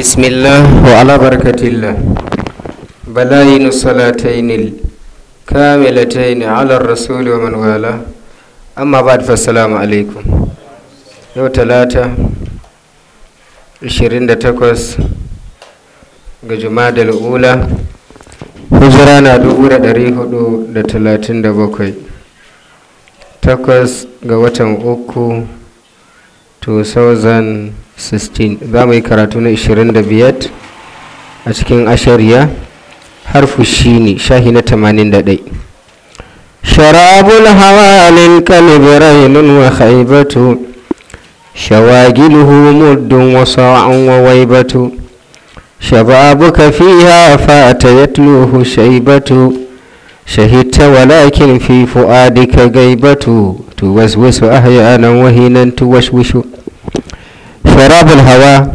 بسم الله وعلى بركة الله بلاين الصلاتين الكاملتين على الرسول ومن والاه أما بعد فالسلام عليكم يوم ثلاثة 28 ga jumadal ula hijira na 437 takwas ga watan uku 2000 16 za mu yi karatu na 25 a cikin ashariya harfu shi ne shahi na 81 sharabul hawalin kalibirainun wa haibatu shawagiluhu muddun wa sa'an wa waibatu شبابك فيها فات يتلوه شيبة شهدت ولكن في فؤادك غيبة توسوس أحيانا وهنا توشوش shirabul hawa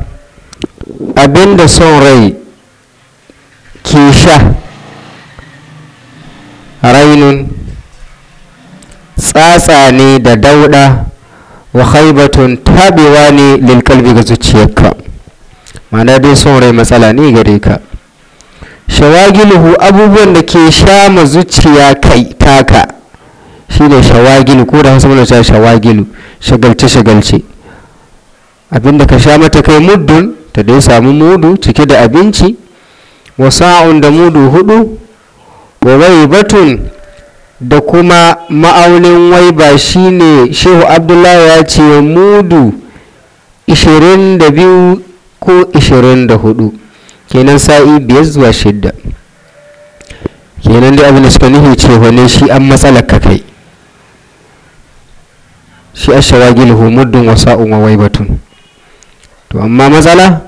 abinda son rai ke sha rainun tsatsa ne da dauda wa haibatun tabewa ne lilkalbi ga zuciyarka mana dai son rai matsala ne gare ka shawagiluhu abubuwan da ke sha ma zuciya kai taka shine shawagilu ko da hasu mana shawagilu shagalce shagalce abinda ka sha mata kai muddun ta dai samu mudu cike da abinci wa sa'un da mudu hudu wa batun da kuma ma'aunin wai shi shine shehu abdullahi ya ce mudu 22 ko 24 kenan sa'i 5 zuwa shidda kenan dai abin da suka nufi ce wane shi an matsalar ka kai shi ashawagil muddun wa sa'un wa batun. to amma matsala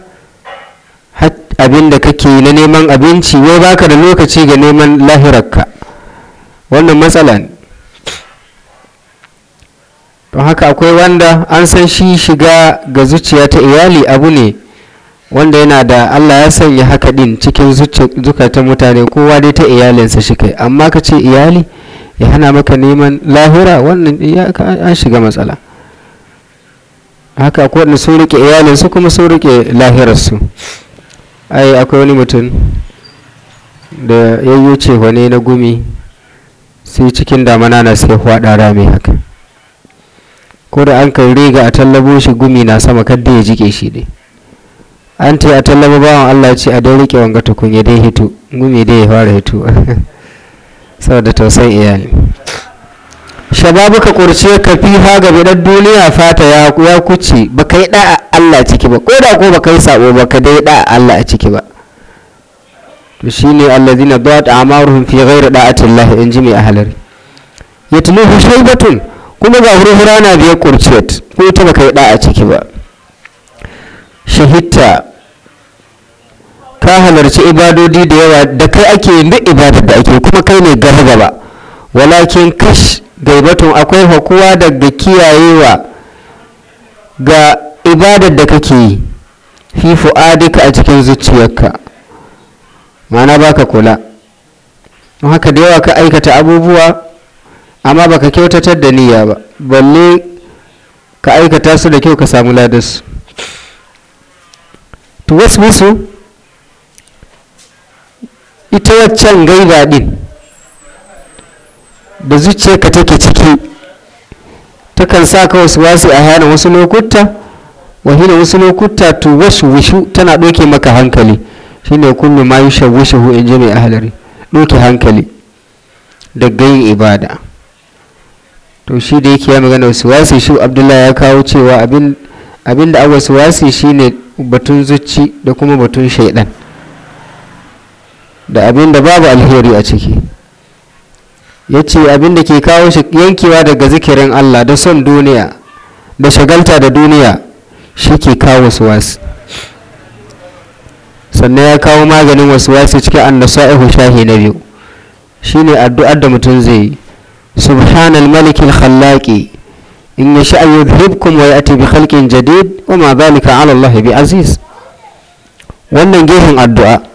abin da kake na neman abinci wai baka da lokaci ga neman lahirarka wannan matsala ne don haka akwai wanda an san shi shiga ga zuciya ta iyali abu ne wanda yana da allah ya sanya haka din cikin zukatan mutane kowa dai ta iyalinsa shi kai amma ka ce iyali ya hana maka neman lahira wannan an shiga matsala haka akwai wanda sun rike iyalinsu kuma sun rike lahirarsu ai akwai wani mutum da yi wuce wani na gumi sai cikin damana na sai hwada rami haka ko da an kai riga a tallabo shi gumi na sama kadda ya jike shi ne an ta a tallabo bawan Allah ce a dai rike wanga tukun ya dai hito gumi dai ya fara hito saboda tausayin iyali ka kurce ka fi ha ga bidan duniya fata ya ya kuce ba kai da Allah ciki ba ko da ko ba kai sabo ba ka dai da Allah a ciki ba to shine allazina dawat amaruhum fi ghairi da'ati Allah in ji mai ahlari yatluhu shaybatun kuma ga hurhura na biye kurciyat ko ta ba kai da a ciki ba shahitta ka halarci ibadodi da yawa da kai ake yin duk ibadar da ake kuma kai ne gaba gaba walakin kash gaibatun akwai hakuwa daga kiyayewa ga ibadar da kake yi fi fu'adika a cikin zuciyarka ma'ana baka kula don haka da yawa ka aikata abubuwa amma baka kyautatar da niyya ba balle ka aikata su da kyau ka samu ladarsu to wasu ita waccan gaiba din da zuciyarka take ciki takan sa ka wasu wasu a hana wasu lokuta wahina wasu lokuta to wasu wushu tana doke maka hankali shine kullu ma yushawwishu in jami mai ahlari doke hankali da gayin ibada to shi da yake ya magana wasu wasu shi abdullahi ya kawo cewa abin abinda a wasu shi shine batun zuci da kuma batun shaidan da abin da babu alheri a ciki ya ce da ke kawo shi yankewa daga zikirin Allah da son duniya da shagalta da duniya shi ke kawo wasuwasi sannan ya kawo maganin wasuwasi cikin annasa'ihu shahi na biyu Shi ne addu'ar da mutum zai yi subhanal malikin khallaqi in ya sha'a yudhibkum wa ya tafi halkin jadid wa ma zalika 'ala Allah bi aziz wannan gefen addu'a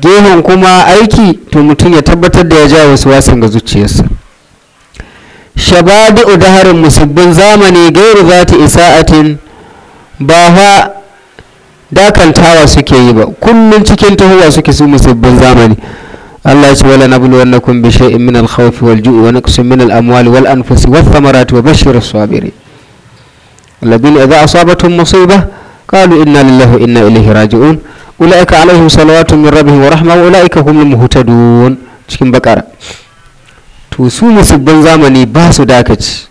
gehen kuma aiki to mutum ya tabbatar da ya ja wasu wasan ga zuciyarsa shabadi harin musabbin zamani gairu zata isa'atin ba fa dakantawa suke yi ba kullum cikin tahowa suke su musabbin zamani Allah ya ce wala nablu wannakum bi shay'in min al-khawf wal ju' wa naqsin min al-amwali wal anfusi wath thamarati wa bashshir as-sabirin alladhina idha asabathum musiba qalu inna lillahi wa inna ilaihi raji'un ula'ika alaihim salawatu min rabbihim wa rahma ula'ika humul muhtadun cikin bakara to su musubban zamani ba su dakaci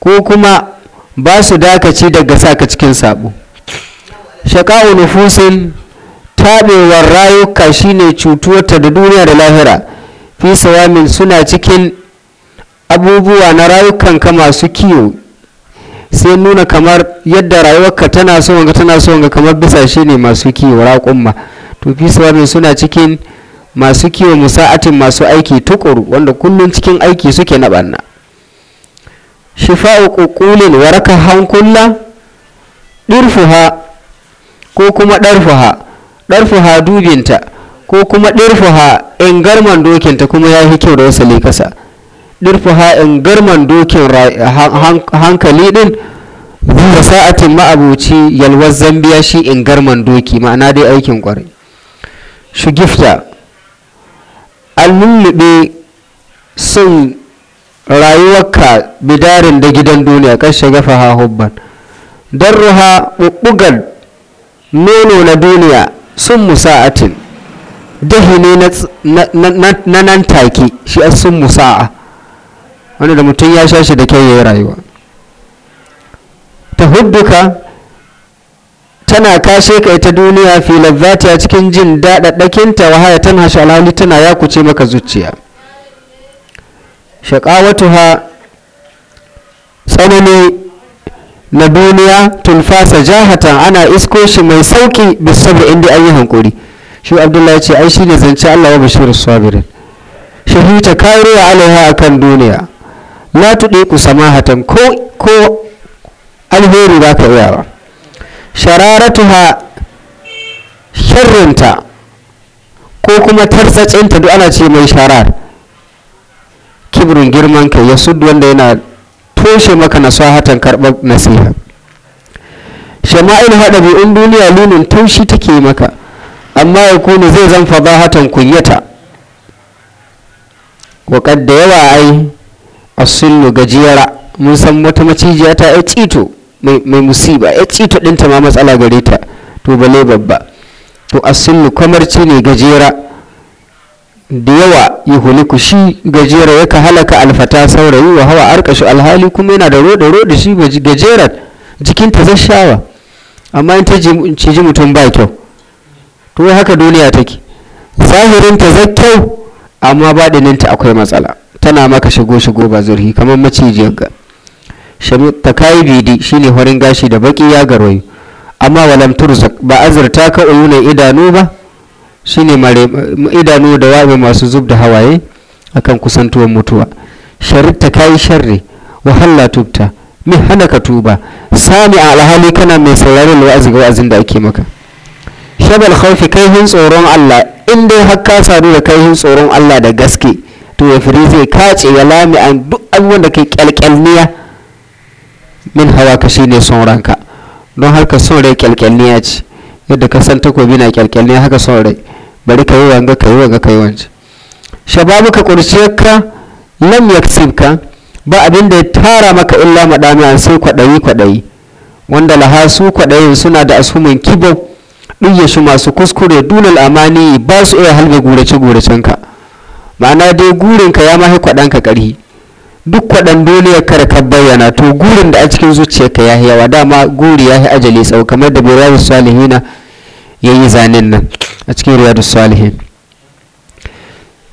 ko kuma ba su dakaci daga saka cikin sabo shaqa'u nufusin tabewar rayuka shine cutuwarta da duniya da lahira fi sawamin suna cikin abubuwa na rayukan ka masu kiyo sai nuna kamar yadda rayuwarka tana so wanga tana so wanga kamar bisashe ne masu kiwo raƙumma to fi suna cikin masu kiwo musa'atin masu aiki tukuru wanda kullum cikin aiki suke na banna shifa'u ƙuƙulin waraka hankula dirfuha ko kuma darfuha darfuha dubinta ko kuma ɗirfuha ingarman garman dokinta kuma ya fi kyau da wasu kasa dirfuha in garman dokin hankali din zuwa sa'atin ma'abuci yalwar zambiya shi in garman doki ma'ana dai aikin kwarai shugifta an lullube sun rayuwarka bidarin da gidan duniya kan gafa ha hubban don ruha ɓuɓɓugar nono na duniya sun musa'atin dahi ne na nan take shi a sun musa'a wanda da mutum ya sha shi da kyau ya yi rayuwa ta hudduka tana kashe ka ita duniya fi lazzati a cikin jin daɗaɗɗakinta wa haya tana shalali tana ya kuce maka zuciya ha tsanani na duniya fasa jahata ana isko shi mai sauƙi bisabu inda an yi hankuri shi abdullahi ce ai ne zance allah wa bashirus sabirin shahita kariya alaiha akan duniya la ku samahatan ko ko alheri ba ka iya ba shararatuha sharrinta ko kuma tarsacinta duk ana ce mai sharar kibirin girman kai ya sudu wanda yana toshe maka na nasahatan karɓar nasiha shama'il in duniya lunin taushi take maka amma ya kone zai zan hatan kunyata wa da yawa ai asullu gajiyara mun san wata macijiya ta ya cito mai musiba ya cito ɗinta ma matsala gare ta to bale babba to asullu kwamarci ne gajera da yawa ya huliku shi gajera ya ka halaka alfata saurayi wa hawa arkashu alhali kuma yana da roda roda shi gajera jikinta zashawa amma in ta ciji mutum ba kyau to haka duniya take zahirin ta kyau amma baɗininta akwai matsala tana maka shigo shigo ba zurhi kamar macijiyar ga ta kayi bidi shine horin gashi da baki ya garwayo amma walam turzak ba azurta ka uyunan idanu ba shine idanu da wabe masu zub da hawaye akan kusantuwar mutuwa ta kayi sharri wahala tubta mi hana ka tuba sami a alhali kana mai sauraron wa'azi ga wa'azin da ake maka shabal khawfi kaihin tsoron Allah in dai har ka sadu da kaihin tsoron Allah da gaske to ya firi zai kace ya lami an duk abubuwan da kai kyalkyalniya min hawa ka ne son ranka don haka son rai kyalkyalniya ce yadda ka san takobi na kyalkyalniya haka son rai bari ka yi wanga ka yi wanga ka yi wanci shababu ka kurciyarka lam ka ba abin da ya tara maka illa madamiyan sai kwaɗayi kwaɗayi wanda lahasu kwaɗayin suna da asumin kibo ya shi masu kuskure dunal amani ba su iya halbe gurace ka. ma'ana dai gurin ka ya mahi ka ƙarhi duk kwaɗan dole ya kare ka bayyana to gurin da a cikin ka ya yawa dama guri ya yi ajali tsawo kamar da riyadu salihina ya yi zanen nan a cikin riyadu salihin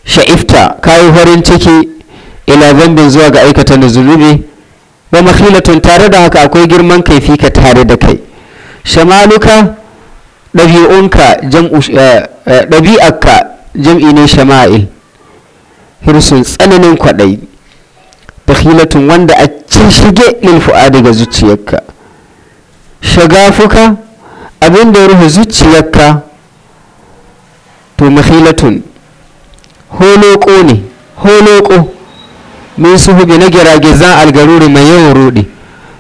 sha'ifta kayi farin ciki ila zambin zuwa ga aikata na zunubi fila makhilatun tare da haka akwai girman kai ka tare da kai shamaluka ɗabi'unka eh, eh, ka jam'i ne shama'il hirsun tsananin kwaɗayi hilatun wanda a cin shige fu'a daga zuciyarka shagafuka abin da ya rufe zuciyarka to mahilatun holoko ne holoko min suhubi na giragizan algaruri mai yawan rudi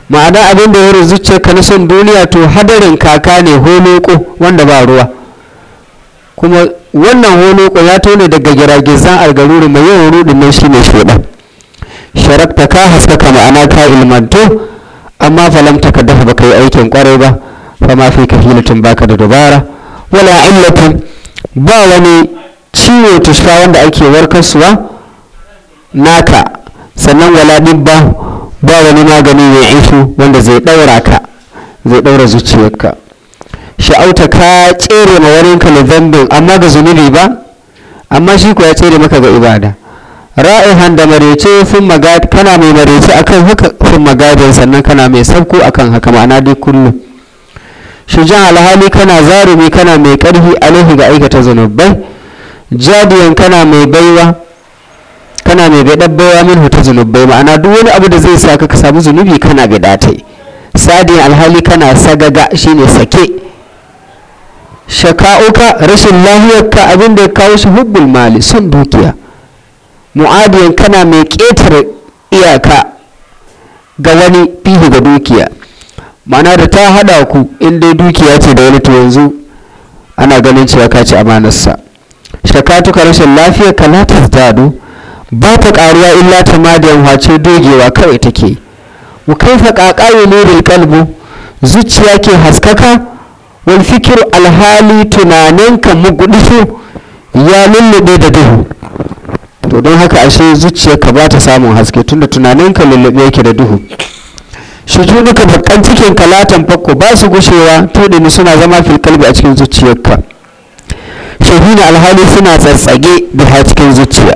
ma'ana abin da ya rufe zuciyarka na son duniya to hadarin kaka ne holoko wanda ba ruwa kuma wannan ko ya taune daga giragizan algaruru mai yawan rudin nan shine shedan sharakta ka haskaka ma'ana ka ilmanto amma falamta ka dafa baka yi aikin kwarai ba fa ma fi ka baka da dubara wala illatun ba wani ciwo tushka wanda ake warkarsuwa naka sannan wala dibba ba wani magani mai ishu wanda zai daura ka zai daura zuciyarka sha'auta ka tsere ma wani ka amma ga zunubi ba amma shi ko ya tsere maka ga ibada ra'ihan handa marece sun magad kana mai marece akan haka sun magadin sannan kana mai sabko akan haka ma'ana dai kullum jan alhali kana zarumi kana mai karfi alaihi ga aikata zunubai jadiyan kana mai baiwa kana mai gaɗar dabbawa min hutu zunubai ma'ana duk wani abu da zai sa ka samu zunubi kana ga ta sadiyan alhali kana sagaga shine sake shaka'uka rashin lahiyarka abin da ya kawo shi hubbul mali son dukiya mu'adiyan kana mai ƙetare iyaka ga wani fihi ga dukiya mana da ta hada ku in dukiya ce da wani to yanzu ana ganin cewa ka ci amanarsa shakatuka rashin lafiyar ka ta tazdadu ba ta karuwa illa ta madiyan wace dogewa kawai take mu kai kaifa qaqayu nuril kalbu zuciya ke haskaka wal fikir alhali tunaninka mugudisu ya lullube da duhu to don haka ashe zuciyarka ba ta samun haske tunda tunaninka lullube yake da duhu shujuduka bakan cikin kalatan fakko ba su gushewa tudini suna zama fil kalbi a cikin zuciyarka shahina alhali suna tsatsage ha cikin zuciya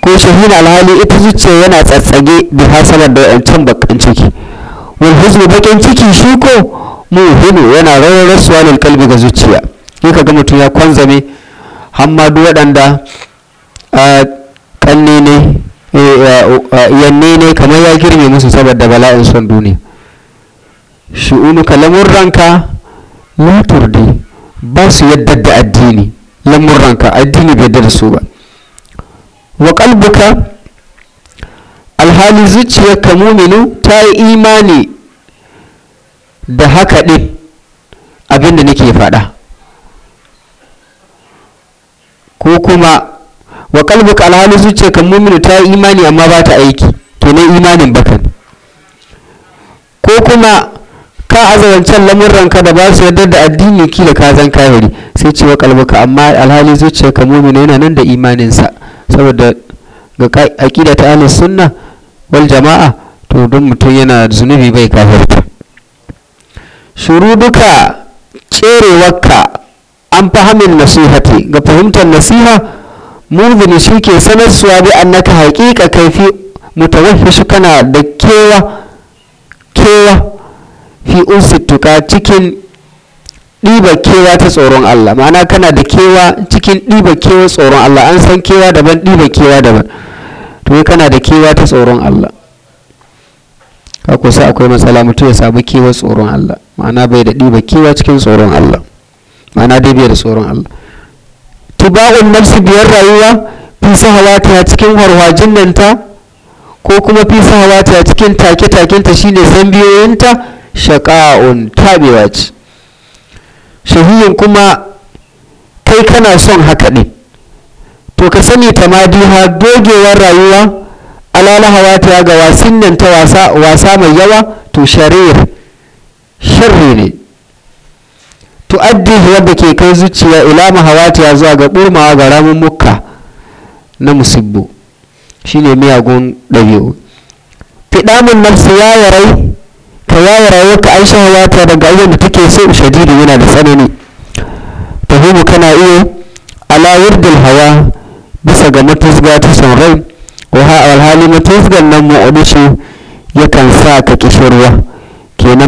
ko shahina alhali ita zuciya yana tsatsage biha da wancan bakan ciki wal huzn bakin ciki shi ko muhimu yana rawar rasuwa lil kalbi ga zuciya in ka ga mutum ya kwanzame hamma duk waɗanda ƙanne ne e, yanne ne kamar ya girme musu saboda bala'in son duniya shi'unuka ranka mutur da ba su yadda da addini ranka addini bai yadda da su ba wa kalbuka alhali zuciyarka muminu ta yi imani da haka ɗin da nake faɗa ko kuma wa kalhali su zuciya kan muminu ta yi imani amma ba ta aiki to ne imanin bakan ko kuma ka azawancan ka da ba su yarda da addini kila ka zan kayari sai ce wa ka amma alhali zuciya kan muminu yana nan da imaninsa saboda ga aƙida ta ahlus sunna wal jama'a to don mutum yana zunubi bai kafirta shuruduka cerewarka an fahimin nasihati ga fahimtar nasiha muzini shi ke sanarsuwa bi annaka haƙiƙa kaifi shi kana da kewa kewa fi unsittuka cikin ɗiba kewa ta tsoron Allah ma'ana kana da kewa cikin ɗiba kewa tsoron Allah an san kewa daban ɗiba kewa daban to kana da kewa ta tsoron Allah ka kusa akwai matsala mutum ya samu kewa tsoron Allah ma'ana bai da ba kewa cikin tsoron Allah ma'ana dai bai da tsoron Allah tiba'un nafsi biyar rayuwa fi ya cikin harwajin nan ta ko kuma fi ya cikin take-taken ta shine ta shaqa'un tabewa ce shahiyin kuma kai kana son haka ne to ka sani duha dogewar rayuwa alalahawa hawa ta ga wasin nan ta wasa mai yawa to sharir sharri ne tu'addihi wadda ke kai zuciya ila mahawatiya zuwa ga burmawa ga ramin mukka na musibbo shine miyagun ɗabi'u fidamun nafsi ya yarai ka ya yarai ka aisha ta daga ayyukan da take so shadidi yana da tsanani tahimu kana iya ala wirdil hawa bisa ga matuzga ta son rai wa ha alhali matuzgan nan mu'abishi yakan sa ka kishirwa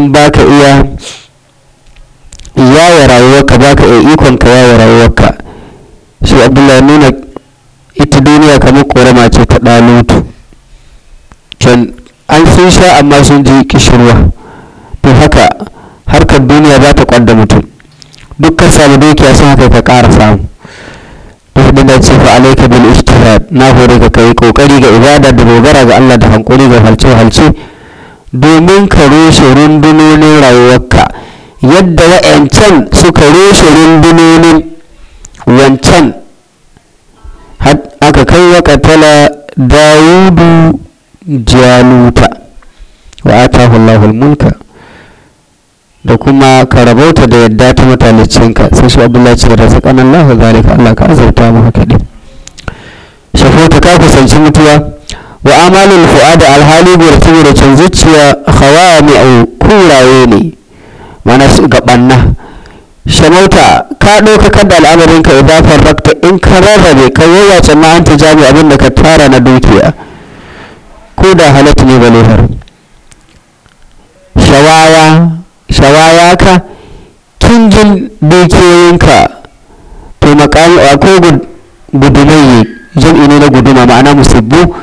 ba baka iya yaya rayuwarka baka iya ikon ka yaya rayuwarka shi abdullahi nuna ita duniya kamar korama ce ta ɗalutu can an sun sha amma sun ji kishirwa to haka harkar duniya ba ta kwanda mutum dukkan samu dukiya sun haka ka ƙara samu da da ce fa alaika bil ijtihad na hore ka kai kokari ga ibada da dogara ga Allah da hankuri ga halce halce domin ka rushe rundunonin rayuwarka yadda wa'yancan suka rushe rundunonin wancan aka kai wa katala dawudu jaluta wa ta allahul mulka da kuma ka rabauta da yadda ta matalicinka sai shi abdullahi ce da saƙanan lahu zalika allah ka azurta mu haka ɗin shafuta ka kusanci mutuwa wa amalin fu'ada alhali gurce can zuciya khawami'u kuraye ne mana su gabanna shamauta ka ɗaukakar da al'amarin ka idan farrakta in ka rarrabe ka yawace ma an jami abin da ka tara na dukiya ko da halatta ne ba lefar shawaya shawaya ka kingin dukiyoyinka to makami akwai gudumai jam'i ne na guduma ma'ana musibbu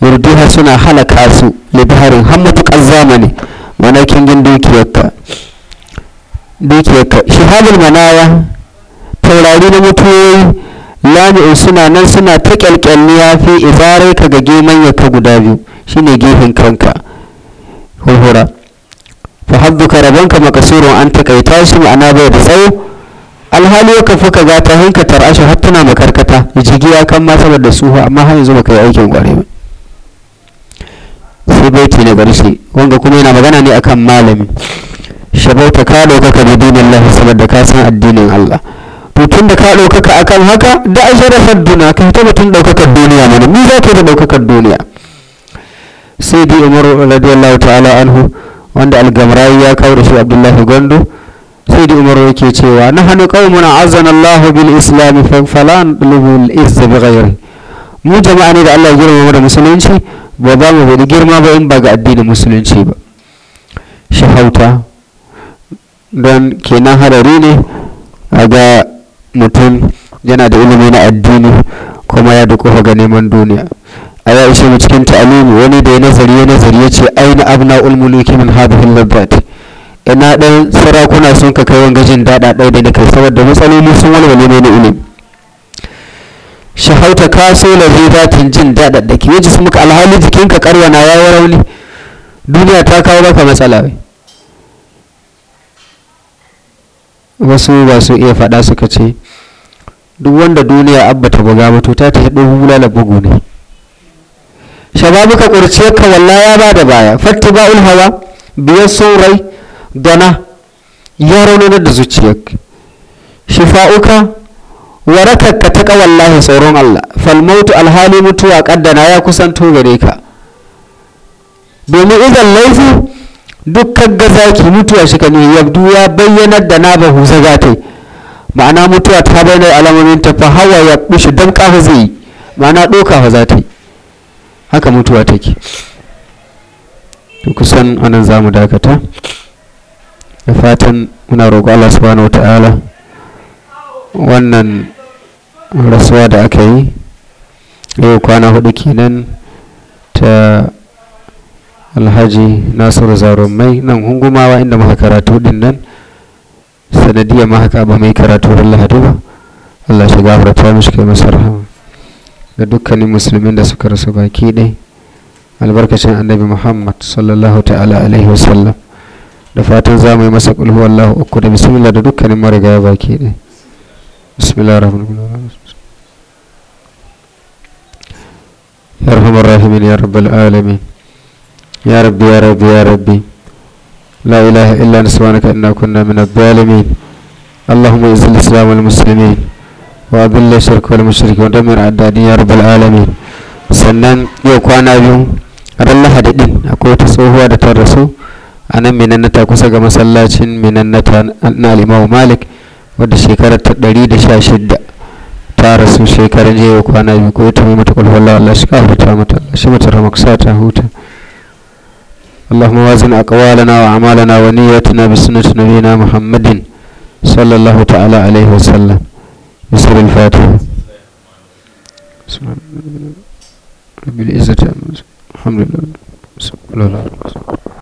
murduha suna halaka su libaharin har matuƙar zamani manakin gin dukiyarka dukiyarka shihabul manaya taurari na mutuwoyi lami'in suna nan suna ta kyalkyalli ya fi izarai ka ga geman yaka guda biyu shine gefen kanka hurhura fa habbuka rabanka makasurun an takaita shi ma'ana bai da tsawo alhali ya kafa ka gata hanka tar'ashi har tana makarkata jigiya kan ma saboda suha amma har yanzu baka yi aikin gware ba sai baiti na shi wanga kuma yana magana ne akan malami shabauta ka ɗaukaka bi dinin Allah saboda ka san addinin Allah to tun da ka ɗaukaka akan haka da a sharafar duniya ka ta batun ɗaukakar duniya mana ni za ka da ɗaukakar duniya sai da Umar radiyallahu ta'ala anhu wanda al-Gamrayi ya kawo shi abdullahi gondo sai da Umar yake cewa na hannu qaumun azana Allah bil islam fa falan lahu al izz bi ghayri mu jama'a ne da Allah ya girmama da musulunci ba ba mu wani girma ba in ba ga addinin musulunci ba shahauta don kenan harari ne a ga mutum yana da ilimi na addini kuma ya duk ga neman duniya a ya ishe mu cikin ta'alimi wani da ya nazari ya nazari ya ce aina abna ulmuluki min hadhihi labbat ina dan sarakuna sun ka kai wangajin dada dai da kai saboda matsaloli sun walwale ne na ilimi hauta ka so lazizatin jin daɗaɗɗaki wajen su muka alhali jikinka karwana ya yi rauni duniya ta kawo maka matsala wai wasu ba su iya faɗa suka ce duk wanda duniya abba ta buga mato ta ta ta ɗin na bugu ne ƙurce ka walla ya ba da baya fatti ba hawa biyar son rai dana ya raunar da zuciyarka shifa'uka warakarka ta kawallahi tsoron Allah falmautu alhali mutuwa kaddana ya kusanto gare ka domin idan laifi dukkan gazaki mutuwa shi ka ne yabdu ya bayyanar da na ba bahu zagatai ma'ana mutuwa ta bayyana alamomin ta fa hawa ya bishi dan kafa zai yi ma'ana doka fa za ta yi haka mutuwa take kusan anan za mu dakata da fatan muna roƙo Allah subhanahu wa ta'ala wannan rasuwa da aka yi yau kwana hudu kenan ta alhaji nasiru mai nan hungumawa inda muka karatu din nan sanadiyar mahaka ba mai karatu da lahadi allah shiga gafarta mishi kai masa da dukkanin musulmin da suka rasu baki ɗai albarkacin annabi muhammad sallallahu ta'ala alaihi wasallam da fatan za mu yi masa kulhu wallahu uku da bismillah da dukkanin marigaya baki ɗai bismillah rahmanu يا أرحم الراحمين يا رب العالمين يا رب يا رب يا ربي لا إله إلا أنت سبحانك إنا كنا من الظالمين اللهم اعز الإسلام والمسلمين وأذل الشرك والمشرك ودمر أعدادي يا رب العالمين sannan yau kwana biyu ran lahadi din akwai wata tsohuwa da ta rasu a nan minannata kusa ga masallacin minannata na alimawu malik wadda shekarar ta 116 ta rasu shekaran jiya kwana biyu ko ta mata kulhulla Allah shi kafarta mata Allah shi mata ramaksa ta huta اللهم وازن أقوالنا وأعمالنا ونياتنا بسنة نبينا محمد صلى الله تعالى عليه وسلم بسر الفاتحة رب العزة الحمد لله